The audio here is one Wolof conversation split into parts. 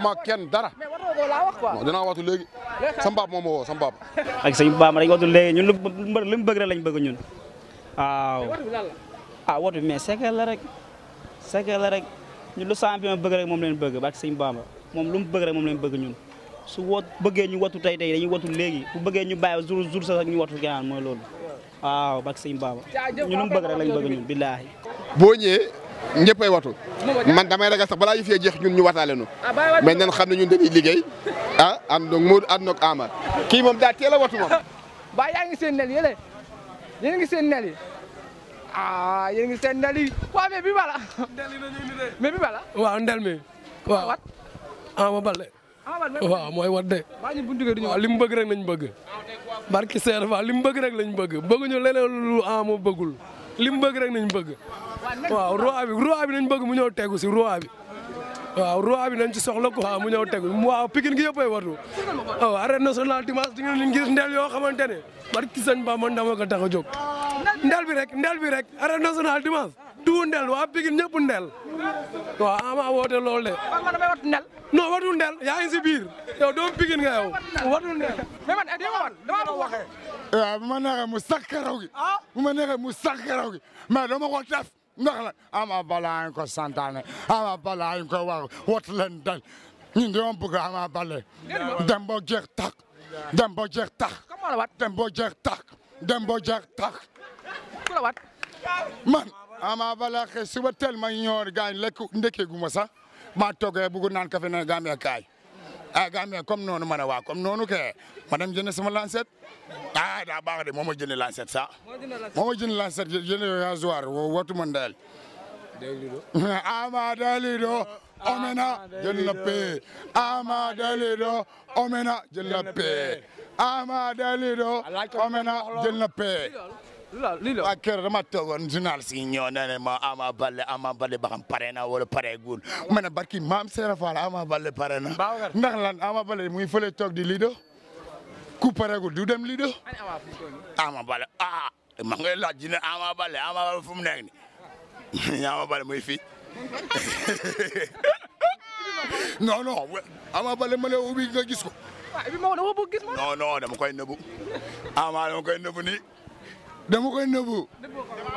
waxuma kenn dara. non dinaa waxtu léegi. sam baab moom moo woo sam baab. ak sëñ baam dañu waxtu léegi ñun lu mu bëgg rek lañ bëgg ñun waaw. a waxtu ah, bi mais sekel la rek sekel rek ñun lu champion bëgg rek moom leen bëgg ba ak sëñ Bamba moom lu mu bëgg moom leen bëgg ñun su woot bëggee ñu watu tey tey dañuy watu léegi bu bëggee ñu bàyyi jour jour sax ñu watu gànnaar mooy loolu waaw ba ak sëñ Bamba ñun lu mu bëgg rek lañ bëgg ñun billaahi ñëppay watu man damay ragal sax balaa yëf yee jeex ñun ñu wataale nu ah, mais nan xam ne ñun dañuy liggéey ah ànd ak Modou ànd ak Ama kii moom daa teel a watu moom baa yaa ngi seen nel yële yéen ngi seen nel yi ah ngi seen nel yi waaw mais bi bala mais bi bala waaw ndel mi waaw ah, wat Ama ah, Baldé waaw mooy wat de waaw li mu bëgg rek lañ bëgg barki seer waaw li mu bëgg rek lañ bëgg bëgguñu leneen lu Ama li mu bëgg rek lañ bëgg waaw roi bi roi bëgg mu ñëw tegu si roi bi waaw roi bi nañ ci soxla quoi mu ñëw tegu waa Pikine gi yëppay watu waaw arène nationale dimanche di ngeen gis ndel yoo xamante ne barki sëñ Ba man dama ko tax a ndel bi rek ndel bi rek arène nationale dimanche tout ndel waa Pikine ñëpp ndel waaw ama woote loolu de. man ndel. yaa ngi si biir yow doomu Pikine nga yow. watul ndel mais man mu sakk karaw ma neexee ah? ko taf. ndax la Ama Baldé ñu ko santaane Ama Baldé ñu ko wax woote leen dal ñun dañoo bëgg Ama Baldé dem boo jeex tak dem boo jeex tak dem boo jeex tak dem man Ama Baldé xëy suba teel ma ñoor gaañ lekk ndekkeegu ma sax maa toogee bëgg naan kafe ne Gambia kaay aa ah, Gambien comme noonu ma ne waa comme noonu kay ma dem jënd sama lancette ah daa baax de moo lancette sax. moo ma lancette jënd rasoir wootu ma ndeyal. ama dalido omena jël na pe ama dalido omena jël na pe lii la waa keroog dama toogoon journaliste ma Ama Baldé Ama Baldé ba pare na wala pare guul ma barki maam Seera Fall Ama Baldé pare na. ndax Ama Baldé mu ngi fële di lido ku pareegul du dem lido. Ama Baldé ah ma ngay laaj ji ne Ama nekk nii Ama Baldé muy fii non non Ama koy nëbu Ama dama koy nëbu nii. dama koy nëbbu.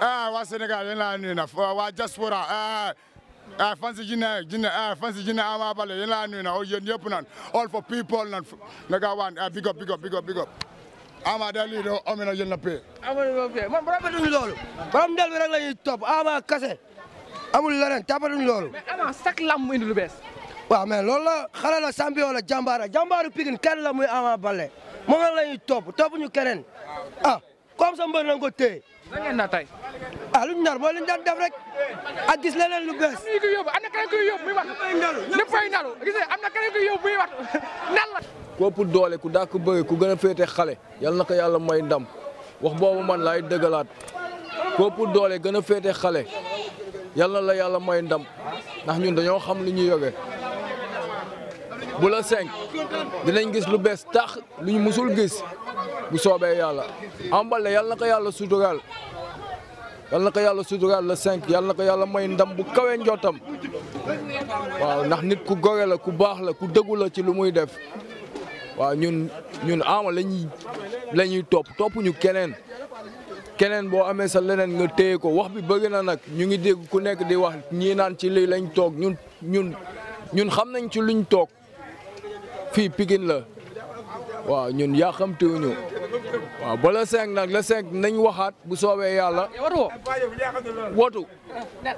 ah waa Sénégal yéen laa nuyu na waa diaspora ah. ah fan si Jinne Jinne ah fan si Jinne Ama Baldé yéen laa nuyu na oh, yéen nan all for people nan naka waan ah big up big up big up big up. na jël na paie. amul na paie bi duñ loolu. borom ndel bi rek la ñuy topp Ama kase. amul leneen tapatuñ loolu. mais Ama chaque lamb mu indi lu bees. waaw mais loolu la xale la champion la jàmbaar la jàmbaaru Pikine kenn la muy Ama Baldé moom la ñuy ñu keneen ah. comme sa mbër nañ ko téye. na ngeen na ah, nar mooy li ñu rek ak gis lu bees. am na keneen kuy yóbbu muy wax. ñëpp nalu gis yóbbu muy wax nan doole ku dàq bëre ku gën a féete xale yal na ko yàlla may ndam wax boobu man laay dëggalaat ku doole gën a féete xale yal na la yàlla may ndam ndax ñu dañoo xam lu ñu yore bu la dinañ gis lu bees tax lu ñu musul gis. bu soobee yàlla Ama Baldé yàlla na ko yàlla suturaal yàlla na yàlla suturaal la cinq yàlla na ko yàlla may ndam bu kawe njottam waaw ndax nit ku gore la ku baax la ku dëggu la ci lu muy def waaw ñun ñun Ama la ñuy la ñuy topp topp keneen keneen boo amee sa leneen nga téye ko wax bi bëgg na nag ñu ngi dégg ku nekk di wax ñii naan ci lii lañ toog ñun ñun ñun xam nañ ci luñ toog fii Pikine la waaw ñun yaa xamtewuñu waaw ba le cinq nag le cinq nañ waxaat bu soobee yàlla. Eh, wootu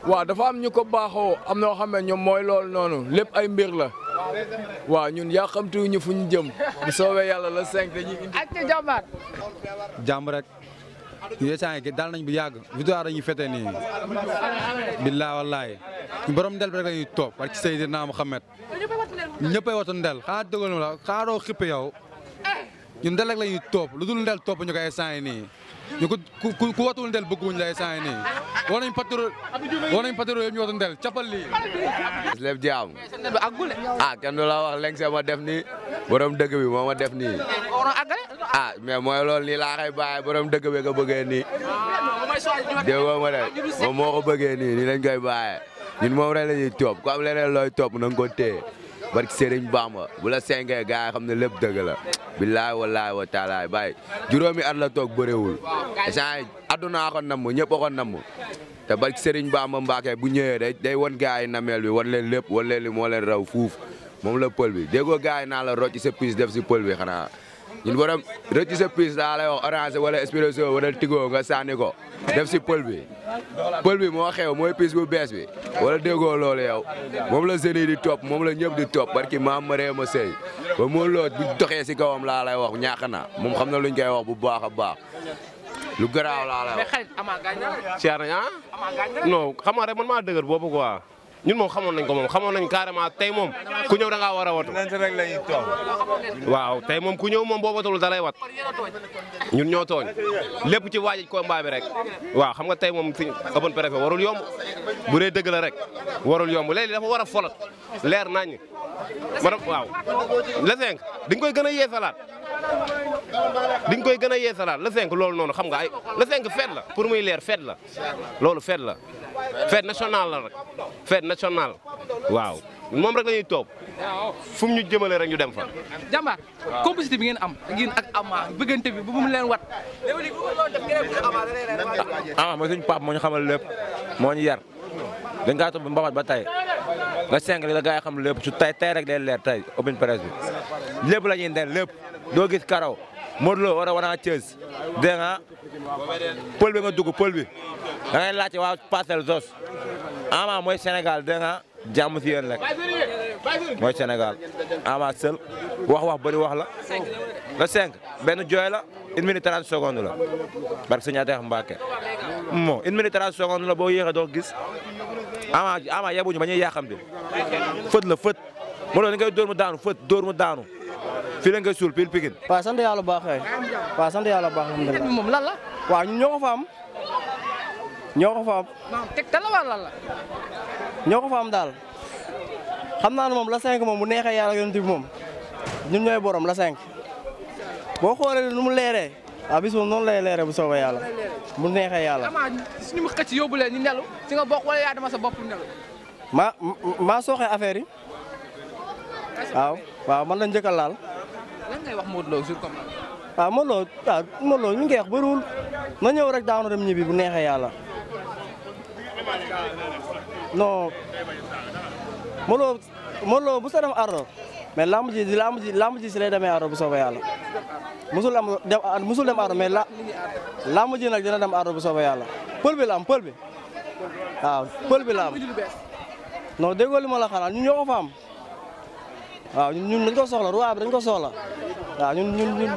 waaw dafa am ñu ko baaxoo am noo xam ne ñoom mooy lool noonu lépp ay mbir la. waa ñun yaa xamtu ñu fu ñu jëm bu soobee yàlla la cinq dañuy indi. ak rek ñu échange gi daal nañ bu yàgg victoire dañuy fete nii billaa wallaay ñu borom ndel bi rek dañuy toog parce que Seydina Mohamed ñëppay watu ndel xanaa dëggal ma la xanaa doo xippe yow. ñun ndel rek la ñuy topp lu dul ndel topp ñu koy sànni nii ñu ko ku ku watul ndel bëgguñ lay sànni nii war nañ patro war nañ patro yëpp ñu watu ndel capal lii. lépp jaam ah kenn du la wax leng see ma def nii borom dëgg bi moo ma def nii ah mais mooy loolu nii laa koy bàyyi borom dëgg bi nga bëggee nii déggoo ma de moom moo ko bëggee nii nii lañ koy bàyyee ñun moom rek la ñuy topp ku am leneen looy topp na nga ko téye. barki Serigne Bamba bu la sengee gars yi xam ne lépp dëgg la billaay wallaay wa taalaay bàyyi juróomi at la toog bëréwul essange addunaa ko namu ñëpp a ko namm te barki Serigne Bamba Mbacké bu ñëwee day day wan gars yi nameel bi wan leen lépp wan leen li moo leen raw fuuf moom la pël bi déggoo gars yi naa la rocc sa piis def si pël bi xanaa ñun borom rëcc sa piis daa lay wax wala espresso wala tigo nga sànni ko def si pël bi pël bi moo xeew mooy piis bu bees bi wala déggoo loolu yow moom la jeunes yi di topp moom la ñëpp di topp barki maam ma réew ma sëy ba moo loot bu doxee si kawam laa lay wax ñàkk na moom xam na luñ koy wax bu baax a baax lu garaaw laa lay wax. na. Thierno ah. Ama gaañ na non xam nga rek man maa dëgër boobu quoi. ñun moom xamoon nañ ko moom xamoon nañ carrément tey moom ku ñëw da ngaa war a watu. rek lañuy toog. waaw tey moom ku ñëw moom boo watul da lay wat ñun ñoo tooñ lépp ci waaj combat bi rek waaw xam nga tey moom fi open préfet warul yomb bu dee dëgg la rek warul yomb léegi dafa war a folot leer nañ ma waaw. le cinq dañ koy gën a yeesalaat. diñ koy gën a yeesalaat le 5 loolu noonu xam nga ay le 5 fête la pour muy leer fête la loolu fête la fête nationale la rek fête nationale waaw moom rek la ñuy toog fu mu ñu jëmale rek ñu dem fa. jàmbaar complicité bi ngeen am ngeen ak Ama bëggante bi bu mu leen wat. ah, ah mooy suñu pape moo ñu xamal lépp moo ñu yar dañ kaa topp mbapat ba tey nga 5 la gaa yi xam lépp su tey tey rek day leer tey open presse bi lépp la ñuy leer lépp. doo gis karaw Modou Lo war a wana Thiès nga pël bi nga dugg pël bi da ngay laajte waa Ama mooy Sénégal dégg nga jàmm si yéen rek mooy Sénégal Ama Seul wax wax bëri wax la le cinq benn jooy la une minute trente secondes la barke sëñ Atex Mbacke mo une minute trente secondes la boo yéexee doo gis Ama Ama yebuñu ba ñuy yàqam bi fët la fët Lo ni ngay dóor mu daanu fët dóor mu daanu fii la nga suul pile Pikine. waaw sant yàlla baax waay waaw sant yàlla baax moom lan la. waaw ñun ñoo ko fa am ñoo ko fa am. tegtal la wala ko am daal xam naa ne moom la 5 moom bu neexee yàlla yonent bi moom ñun ñooy borom la 5 boo xoolee nu mu leeree. waaw bis moom noonu lay leeree bu soobee yàlla bu neexee yàlla. amaa suñu xëcc yóbbu ñu nelu si nga bokk wala yaa dama sa boppu nelu. maa maa sooxee yi. waaw waaw man na njëkk laal. lan ngay wax Modou Lo jour bu waaw ah, Modou ah, ñëw rek daanu dem ñibbi bu neexee yàlla non Modou Lo bu sa def arro mais lamb ji lamb ji lamb ji si lay demee arro bu soobee yàlla musul am dem ah, musul dem arro mais la lamb ji nag dina dem arro bu soobee yàlla pël bi la am pël bi waaw pël bi la am non déggoo li xanaa ñu ñoo ko waaw ñun ñun dañ ko soxla roi bi dañ ko soxla waaw ñun ñun ñun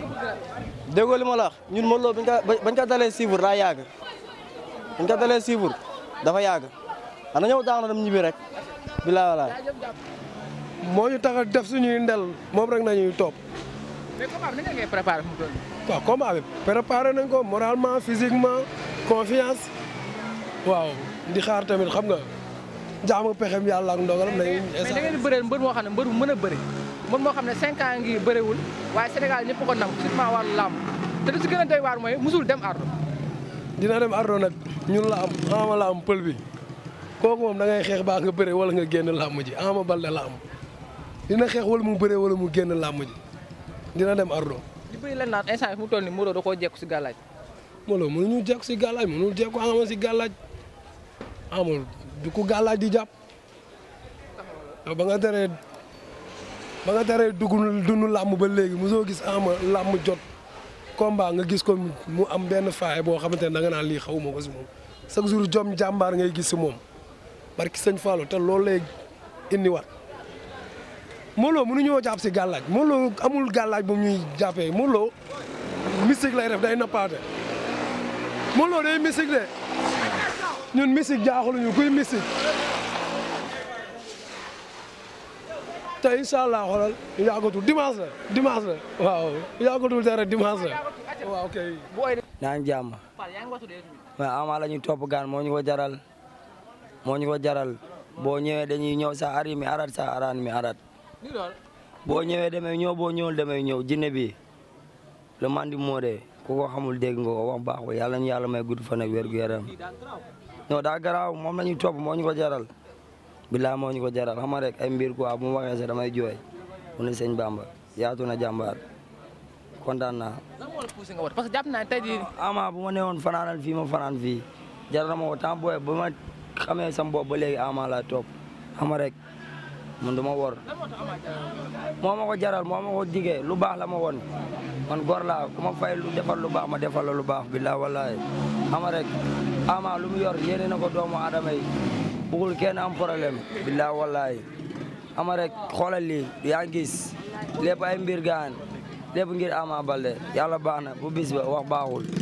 déggoo li ma ñun Modou Lo bañ ko bañ ko dalee siibur daa yàgg bañ ko dalee siibur dafa yàgg ana ñëw daaw na dem ñibbi rek bilaa walaay moo ñu tax a def suñuy ndel moom rek nañuy topp mais combat bi naka ngay préparé fu nañ ko moralement physiquement confiance waaw di xaar tamit xam nga jaam ak pexem yàlla ak ndogalam day. mais mbër moo xam ne mbër bu mën a bëri mbër moo xam ne cinq ans ngi bëriwul waaye Sénégal a doy waar mooy musul dem ardo dina dem ardo nag ñun la am ama moom da ngay xeex baa nga bëre wala nga génn làmb ji ama balde la dina xeex wala mu bëree wala mu génn làmb dina dem ardo li bëri lan naan instant mu toll nii koo jekku si gàllaaj Modou mënuñu jekku si gàllaaj mënul jekku ama si gàllaaj amul ju ko gàllaaj di jàpp ba nga teree ba nga teree dugg dunu ba léegi mosoo gis ama làmm jot combat nga gis ko mu am benn faaye boo xamante ne da naan lii xaw ma ko si moom chaque jour jom jàmbaar ngay gis si moom barki sëñ Fallou te loolu lay indiwaat Modou Lo mënuñoo jàpp si gàllaaj Modou Lo amul gàllaaj bu ñuy jàppee Modou Lo mystique lay def day nappaate Modou Lo day mystique de ñun mystique jaaxuluñu kuy mystique te incha allah xoolal yàggatul dimanche la dimanche la waaw yàggatul dara dimanche la waaw kay. naan jàmm mais Ama la gaan moo ñu ko jaral moo ko jaral boo ñëwee dañuy ñëw sa ari mi arat sa araan mi arat boo ñëwee demee ñëw boo ñëwul demee ñëw jinne bi le mandi moo de ku ko xamul dégg nga ko wax baaxul yàlla ñu yàlla may gudd fan ak wér gu non daa garaw moom la ñuy topp moo ñu ko jaral bilaa moo ñu ko jaral xam rek ay mbir quoi bu mu waxee sax damay jooy mu ne yaatu na jàmbaar kontaan naa. que jàpp naa tey ah, ama bu ma newoon fanaanal fii ma fanaan fii jaral na ma ko temps ba ma xamee sam bopp ba léegi ama laa topp xam rek man ma wor. moo ko jaral moo ko digee lu baax la ma woon man gor laa ku ma fay lu defal lu ma defal la lu baax bilaa wallaay rek. ama lu yor yéene na ko doomu aadama yi bugul kenn am problème billaa wallaay ama rek xoolal gis lépp ay mbir gaan lépp ngir Ama Baldé yàlla baax bu bis wax baaxul